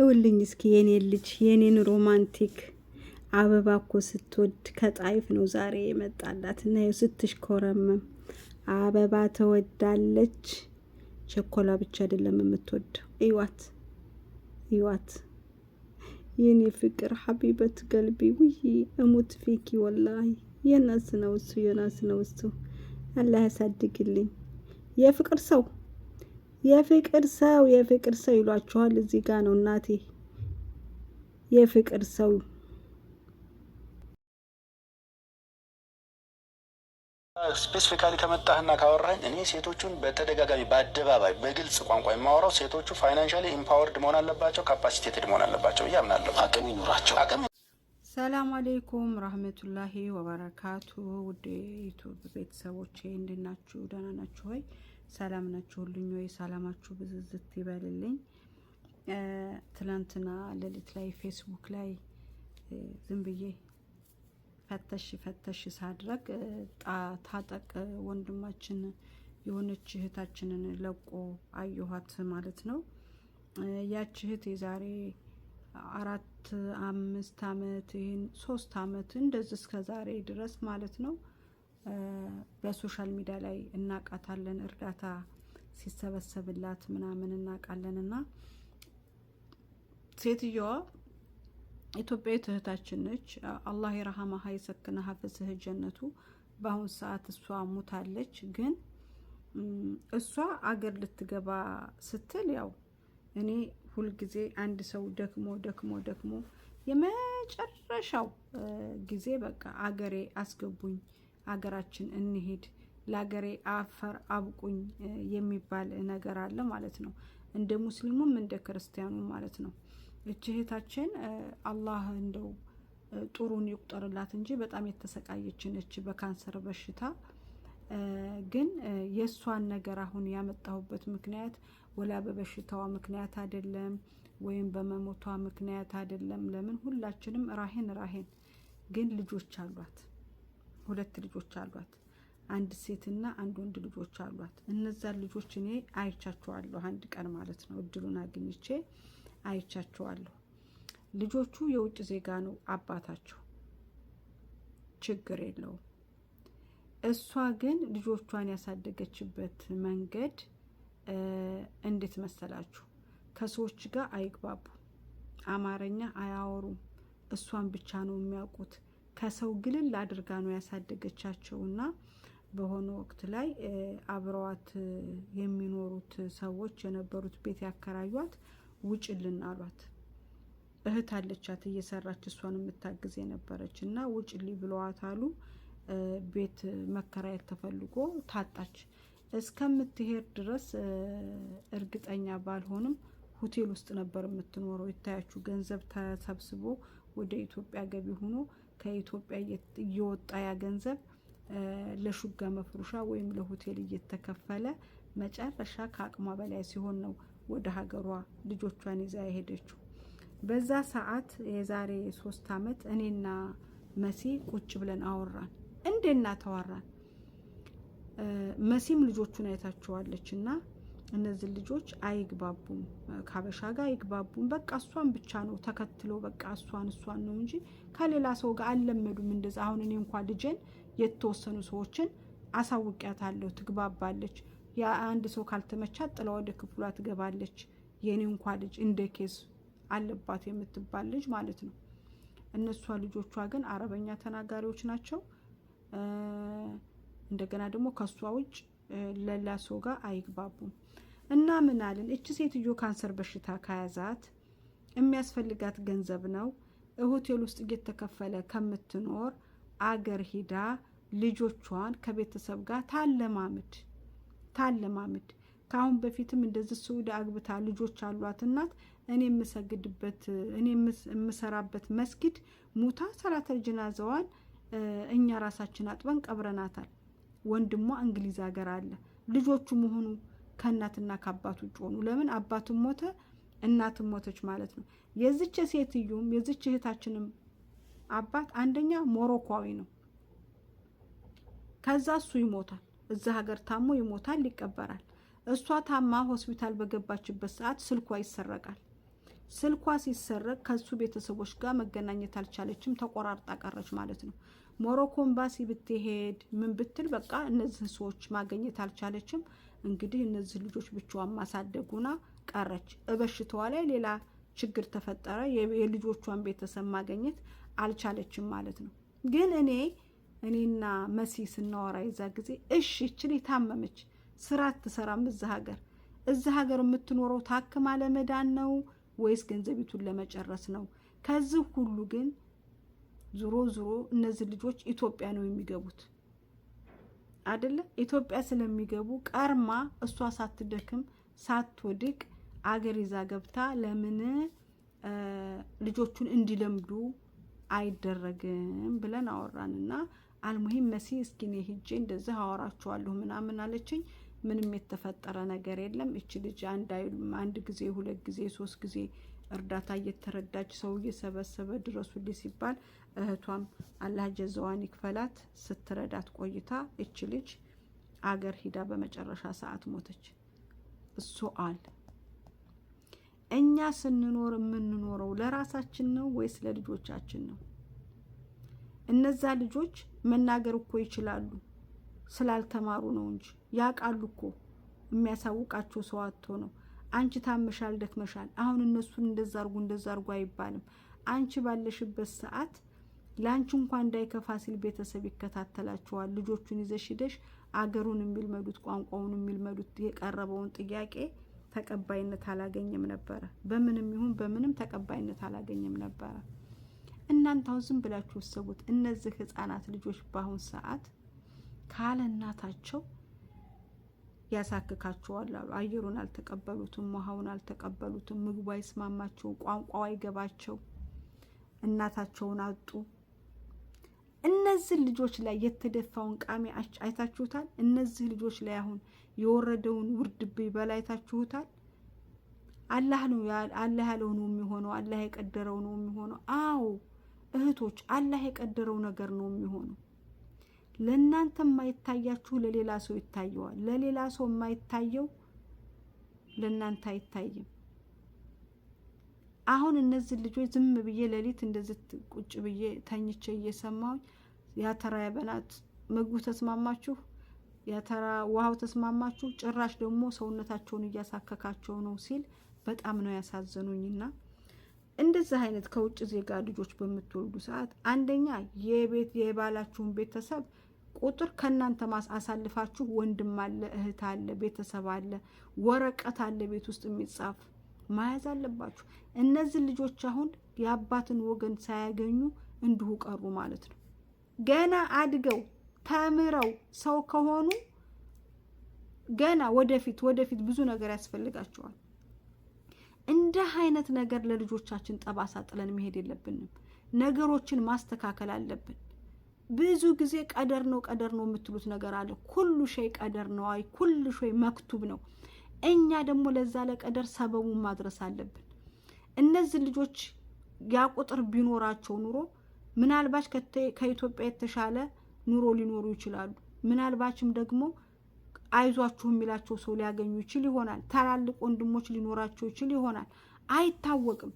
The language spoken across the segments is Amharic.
እውልኝ እስኪ የኔ ልጅ የኔን ሮማንቲክ አበባ እኮ ስትወድ ከጣይፍ ነው ዛሬ የመጣላት እና ይኸው ስትሽኮረምም አበባ ተወዳለች። ቸኮላ ብቻ አይደለም የምትወደው። እዋት እዋት የኔ ፍቅር ሀቢበት ገልቢ ውይ እሙት ፌኪ ወላሂ የናስ ነው እሱ የናስ ነው እሱ አላህ ያሳድግልኝ የፍቅር ሰው የፍቅር ሰው የፍቅር ሰው ይሏችኋል። እዚህ ጋ ነው እናቴ የፍቅር ሰው ስፔሲፊካሊ ከመጣህና ካወራኝ እኔ ሴቶቹን በተደጋጋሚ በአደባባይ በግልጽ ቋንቋ የማወራው ሴቶቹ ፋይናንሻሊ ኢምፓወርድ መሆን አለባቸው፣ ካፓሲቴትድ መሆን አለባቸው ብዬ አምናለሁ። አቅም ይኑራቸው። አቅም ሰላም አሌይኩም ረህመቱላሂ ወበረካቱ። ውድ ዩቱብ ቤተሰቦቼ እንድናችሁ ደህና ናችሁ ሆይ? ሰላም ናችሁ ሁሉኝ ወይ? ሰላማችሁ ብዝዝት ይበልልኝ። ትናንትና ሌሊት ላይ ፌስቡክ ላይ ዝም ብዬ ፈተሽ ፈተሽ ሳድረግ ታጠቅ ወንድማችን የሆነች እህታችንን ለቆ አየኋት ማለት ነው። ያች እህት የዛሬ አራት አምስት አመት ይህን ሶስት አመት እንደዚህ እስከ ዛሬ ድረስ ማለት ነው በሶሻል ሚዲያ ላይ እናቃታለን፣ እርዳታ ሲሰበሰብላት ምናምን እናቃለን። እና ሴትየዋ ኢትዮጵያዊት እህታችን ነች። አላህ የረሃማሀ የሰክነ ሀፍስህ ጀነቱ። በአሁኑ ሰዓት እሷ ሙታለች። ግን እሷ አገር ልትገባ ስትል ያው እኔ ሁልጊዜ አንድ ሰው ደክሞ ደክሞ ደክሞ የመጨረሻው ጊዜ በቃ አገሬ አስገቡኝ አገራችን እንሄድ ለሀገሬ አፈር አብቁኝ የሚባል ነገር አለ ማለት ነው። እንደ ሙስሊሙም እንደ ክርስቲያኑ ማለት ነው። እች እህታችን አላህ እንደው ጥሩን ይቁጠርላት እንጂ በጣም የተሰቃየች ነች በካንሰር በሽታ። ግን የእሷን ነገር አሁን ያመጣሁበት ምክንያት ወላ በበሽታዋ ምክንያት አይደለም፣ ወይም በመሞቷ ምክንያት አይደለም። ለምን ሁላችንም ራሄን ራሄን ግን ልጆች አሏት ሁለት ልጆች አሏት። አንድ ሴትና አንድ ወንድ ልጆች አሏት። እነዛን ልጆች እኔ አይቻቸዋለሁ። አንድ ቀን ማለት ነው እድሉን አግኝቼ አይቻቸዋለሁ። ልጆቹ የውጭ ዜጋ ነው አባታቸው። ችግር የለውም። እሷ ግን ልጆቿን ያሳደገችበት መንገድ እንዴት መሰላችሁ? ከሰዎች ጋር አይግባቡ፣ አማርኛ አያወሩም። እሷን ብቻ ነው የሚያውቁት። ከሰው ግልል አድርጋ ነው ያሳደገቻቸውና በሆነ ወቅት ላይ አብረዋት የሚኖሩት ሰዎች የነበሩት ቤት ያከራዩት ውጭልን አሏት። እህት አለቻት እየሰራች እሷን የምታግዝ የነበረች እና ውጭሊ ብለዋት አሉ። ቤት መከራየት ተፈልጎ ታጣች። እስከምትሄድ ድረስ እርግጠኛ ባልሆንም ሆቴል ውስጥ ነበር የምትኖረው። ይታያችሁ ገንዘብ ተሰብስቦ ወደ ኢትዮጵያ ገቢ ሆኖ ከኢትዮጵያ እየወጣ ያ ገንዘብ ለሹጋ መፍሩሻ ወይም ለሆቴል እየተከፈለ መጨረሻ ከአቅሟ በላይ ሲሆን ነው ወደ ሀገሯ ልጆቿን ይዛ የሄደችው። በዛ ሰዓት የዛሬ ሶስት አመት እኔና መሲ ቁጭ ብለን አወራን፣ እንዴና ተዋራን። መሲም ልጆቹን አይታችኋለች እና እነዚህ ልጆች አይግባቡም፣ ከሀበሻ ጋር አይግባቡም። በቃ እሷን ብቻ ነው ተከትሎ በቃ እሷን እሷን ነው እንጂ ከሌላ ሰው ጋር አልለመዱም። እንደዚ አሁን እኔ እንኳ ልጄን የተወሰኑ ሰዎችን አሳውቂያታለሁ፣ ትግባባለች። የአንድ ሰው ካልተመቻት ጥላ ወደ ክፍሏ ትገባለች። የእኔ እንኳ ልጅ እንደ ኬስ አለባት የምትባል ልጅ ማለት ነው። እነሷ ልጆቿ ግን አረበኛ ተናጋሪዎች ናቸው። እንደገና ደግሞ ከእሷ ውጭ ለላ ሰው ጋር አይግባቡም። እና ምን አለን? እቺ ሴትዮ ካንሰር በሽታ ከያዛት የሚያስፈልጋት ገንዘብ ነው። ሆቴል ውስጥ እየተከፈለ ከምትኖር አገር ሂዳ ልጆቿን ከቤተሰብ ጋር ታለማምድ ታለማምድ። ከአሁን በፊትም እንደዚህ ስዑድ አግብታ ልጆች አሏት እናት እኔ የምሰግድበት እኔ የምሰራበት መስጊድ ሙታ ሰላተል ጀናዛዋን እኛ ራሳችን አጥበን ቀብረናታል። ወንድሟ እንግሊዝ ሀገር አለ ልጆቹ መሆኑ ከእናትና ከአባቱ ውጭ ሆኑ። ለምን አባትም ሞተ እናትም ሞተች ማለት ነው። የዝች ሴትዮም የዚች እህታችንም አባት አንደኛ ሞሮኳዊ ነው። ከዛ እሱ ይሞታል። እዛ ሀገር ታሞ ይሞታል፣ ይቀበራል። እሷ ታማ ሆስፒታል በገባችበት ሰዓት ስልኳ ይሰረቃል። ስልኳ ሲሰረቅ ከሱ ቤተሰቦች ጋር መገናኘት አልቻለችም። ተቆራርጣ ቀረች ማለት ነው። ሞሮኮ ኤምባሲ ብትሄድ ምን ብትል በቃ እነዚህ ሰዎች ማገኘት አልቻለችም። እንግዲህ እነዚህ ልጆች ብቻዋን ማሳደጉና ቀረች። በሽታዋ ላይ ሌላ ችግር ተፈጠረ። የልጆቿን ቤተሰብ ማገኘት አልቻለችም ማለት ነው። ግን እኔ እኔና መሲ ስናወራ ይዛ ጊዜ እሺ ይችል የታመመች ስራ አትሰራም እዛ ሀገር እዚ ሀገር የምትኖረው ታክማ ለመዳን ነው ወይስ ገንዘቢቱን ለመጨረስ ነው? ከዚህ ሁሉ ግን ዞሮ ዞሮ እነዚህ ልጆች ኢትዮጵያ ነው የሚገቡት። አደለ ኢትዮጵያ ስለሚገቡ ቀርማ እሷ ሳትደክም ሳትወድቅ አገር ይዛ ገብታ ለምን ልጆቹን እንዲለምዱ አይደረግም ብለን አወራንና አልሙሂም መሲ እስኪ እኔ ሂጄ እንደዚህ አወራችኋለሁ ምናምን አለችኝ። ምንም የተፈጠረ ነገር የለም። እች ልጅ አንድ አይሉም አንድ ጊዜ ሁለት ጊዜ ሶስት ጊዜ እርዳታ እየተረዳች ሰው እየሰበሰበ ድረሱልኝ ሲባል እህቷም አላህ ጀዛዋን ይክፈላት ስትረዳት ቆይታ እች ልጅ አገር ሂዳ በመጨረሻ ሰዓት ሞተች። እሱ አል እኛ ስንኖር የምንኖረው ለራሳችን ነው ወይስ ለልጆቻችን ነው? እነዛ ልጆች መናገር እኮ ይችላሉ፣ ስላልተማሩ ነው እንጂ ያውቃሉ እኮ የሚያሳውቃቸው ሰው አጥቶ ነው። አንቺ ታመሻል፣ ደክመሻል፣ አሁን እነሱን እንደዛ አርጉ እንደዛ አርጉ አይባልም። አንቺ ባለሽበት ሰዓት ለአንቺ እንኳ እንዳይከፋ ሲል ቤተሰብ ይከታተላቸዋል። ልጆቹን ይዘሽ ሂደሽ አገሩን የሚልመዱት ቋንቋውን የሚልመዱት የቀረበውን ጥያቄ ተቀባይነት አላገኘም ነበረ። በምንም ይሁን በምንም ተቀባይነት አላገኘም ነበረ። እናንተ አሁን ዝም ብላችሁ ወሰቡት። እነዚህ ህጻናት ልጆች በአሁን ሰዓት ካለ እናታቸው ያሳክካቸዋል አሉ። አየሩን አልተቀበሉትም፣ ውሃውን አልተቀበሉትም፣ ምግቡ አይስማማቸው፣ ቋንቋው አይገባቸው፣ እናታቸውን አጡ። እነዚህ ልጆች ላይ የተደፋውን ቃሚ አይታችሁታል። እነዚህ ልጆች ላይ አሁን የወረደውን ውርድብኝ በላ አይታችሁታል። አላህ ነው አላህ ያለው ነው የሚሆነው። አላህ የቀደረው ነው የሚሆነው። አዎ እህቶች፣ አላህ የቀደረው ነገር ነው የሚሆነው። ለእናንተ የማይታያችሁ ለሌላ ሰው ይታየዋል። ለሌላ ሰው የማይታየው ለእናንተ አይታይም። አሁን እነዚህ ልጆች ዝም ብዬ ሌሊት እንደዚህ ቁጭ ብዬ ተኝቼ እየሰማሁኝ ያተራ ያበናት ምግቡ ተስማማችሁ፣ ያተራ ውሃው ተስማማችሁ፣ ጭራሽ ደግሞ ሰውነታቸውን እያሳከካቸው ነው ሲል በጣም ነው ያሳዘኑኝና እንደዚህ አይነት ከውጭ ዜጋ ልጆች በምትወልዱ ሰዓት አንደኛ የቤት የባላችሁን ቤተሰብ ቁጥር ከእናንተ አሳልፋችሁ ወንድም አለ፣ እህት አለ፣ ቤተሰብ አለ፣ ወረቀት አለ ቤት ውስጥ የሚጻፍ መያዝ አለባችሁ። እነዚህ ልጆች አሁን የአባትን ወገን ሳያገኙ እንዲሁ ቀሩ ማለት ነው። ገና አድገው ተምረው ሰው ከሆኑ ገና ወደፊት ወደፊት ብዙ ነገር ያስፈልጋቸዋል። እንዲህ አይነት ነገር ለልጆቻችን ጠባሳ ጥለን መሄድ የለብንም። ነገሮችን ማስተካከል አለብን። ብዙ ጊዜ ቀደር ነው ቀደር ነው የምትሉት ነገር አለ። ኩሉ ሸይ ቀደር ነው፣ አይ ኩሉ ሸይ መክቱብ ነው። እኛ ደግሞ ለዛ ለቀደር ሰበቡን ማድረስ አለብን። እነዚህ ልጆች ያ ቁጥር ቢኖራቸው ኑሮ ምናልባች ከኢትዮጵያ የተሻለ ኑሮ ሊኖሩ ይችላሉ። ምናልባችም ደግሞ አይዟችሁ የሚላቸው ሰው ሊያገኙ ይችል ይሆናል። ታላልቅ ወንድሞች ሊኖራቸው ይችል ይሆናል። አይታወቅም።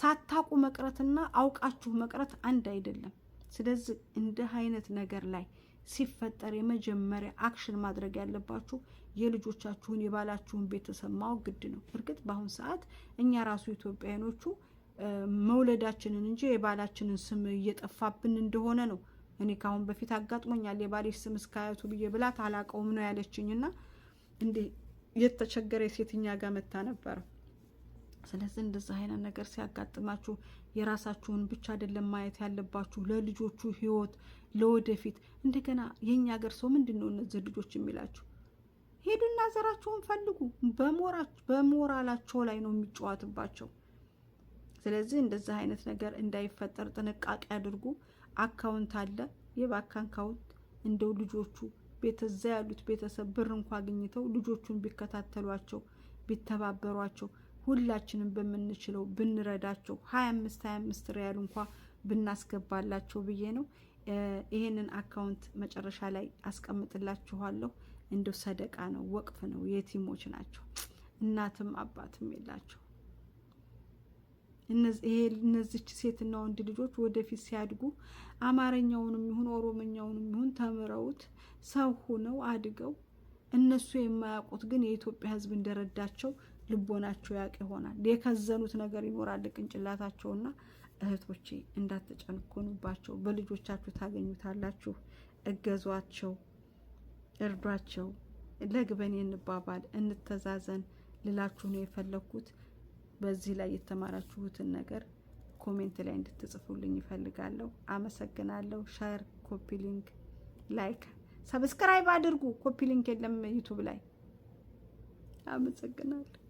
ሳታቁ መቅረትና አውቃችሁ መቅረት አንድ አይደለም። ስለዚህ እንዲህ አይነት ነገር ላይ ሲፈጠር የመጀመሪያ አክሽን ማድረግ ያለባችሁ የልጆቻችሁን የባላችሁን ቤተሰብ ማወቅ ግድ ነው። እርግጥ በአሁን ሰዓት እኛ ራሱ ኢትዮጵያውያኖቹ መውለዳችንን እንጂ የባላችንን ስም እየጠፋብን እንደሆነ ነው። እኔ ካሁን በፊት አጋጥሞኛል። የባሌ ስም እስከ ብዬ ብላት አላቀውም ነው ያለችኝ። ና እንዴ የተቸገረ የሴትኛ ጋር መታ ነበረ። ስለዚህ እንደዚህ አይነት ነገር ሲያጋጥማችሁ የራሳችሁን ብቻ አይደለም ማየት ያለባችሁ፣ ለልጆቹ ህይወት ለወደፊት። እንደገና የእኛ ሀገር ሰው ምንድን ነው እነዚህ ልጆች የሚላችሁ? ሄዱና ዘራቸውን ፈልጉ። በሞራላቸው ላይ ነው የሚጫወትባቸው። ስለዚህ እንደዚህ አይነት ነገር እንዳይፈጠር ጥንቃቄ አድርጉ። አካውንት አለ፣ የባንክ አካውንት እንደው ልጆቹ ቤተዛ ያሉት ቤተሰብ ብር እንኳ አግኝተው ልጆቹን ቢከታተሏቸው ቢተባበሯቸው ሁላችንም በምንችለው ብንረዳቸው ሀያ አምስት ሀያ አምስት ሪያል እንኳ ብናስገባላቸው ብዬ ነው። ይሄንን አካውንት መጨረሻ ላይ አስቀምጥላችኋለሁ። እንደው ሰደቃ ነው፣ ወቅፍ ነው። የቲሞች ናቸው፣ እናትም አባትም የላቸው። እነዚች ሴትና ወንድ ልጆች ወደፊት ሲያድጉ አማርኛውንም ይሁን ኦሮምኛውንም ይሁን ተምረውት ሰው ሁነው አድገው እነሱ የማያውቁት ግን የኢትዮጵያ ሕዝብ እንደረዳቸው ልቦናቸው ያቅ ይሆናል። የከዘኑት ነገር ይኖራል ቅንጭላታቸውና። እህቶቼ እንዳትጨንኮኑባቸው፣ በልጆቻችሁ ታገኙታላችሁ። እገዟቸው፣ እርዷቸው። ለግበን እንባባል፣ እንተዛዘን ልላችሁ ነው የፈለግኩት። በዚህ ላይ የተማራችሁትን ነገር ኮሜንት ላይ እንድትጽፉልኝ ይፈልጋለሁ። አመሰግናለሁ። ሻር፣ ኮፒ ሊንክ፣ ላይክ፣ ሰብስክራይብ አድርጉ። ኮፒ ሊንክ የለም ዩቱብ ላይ። አመሰግናለሁ።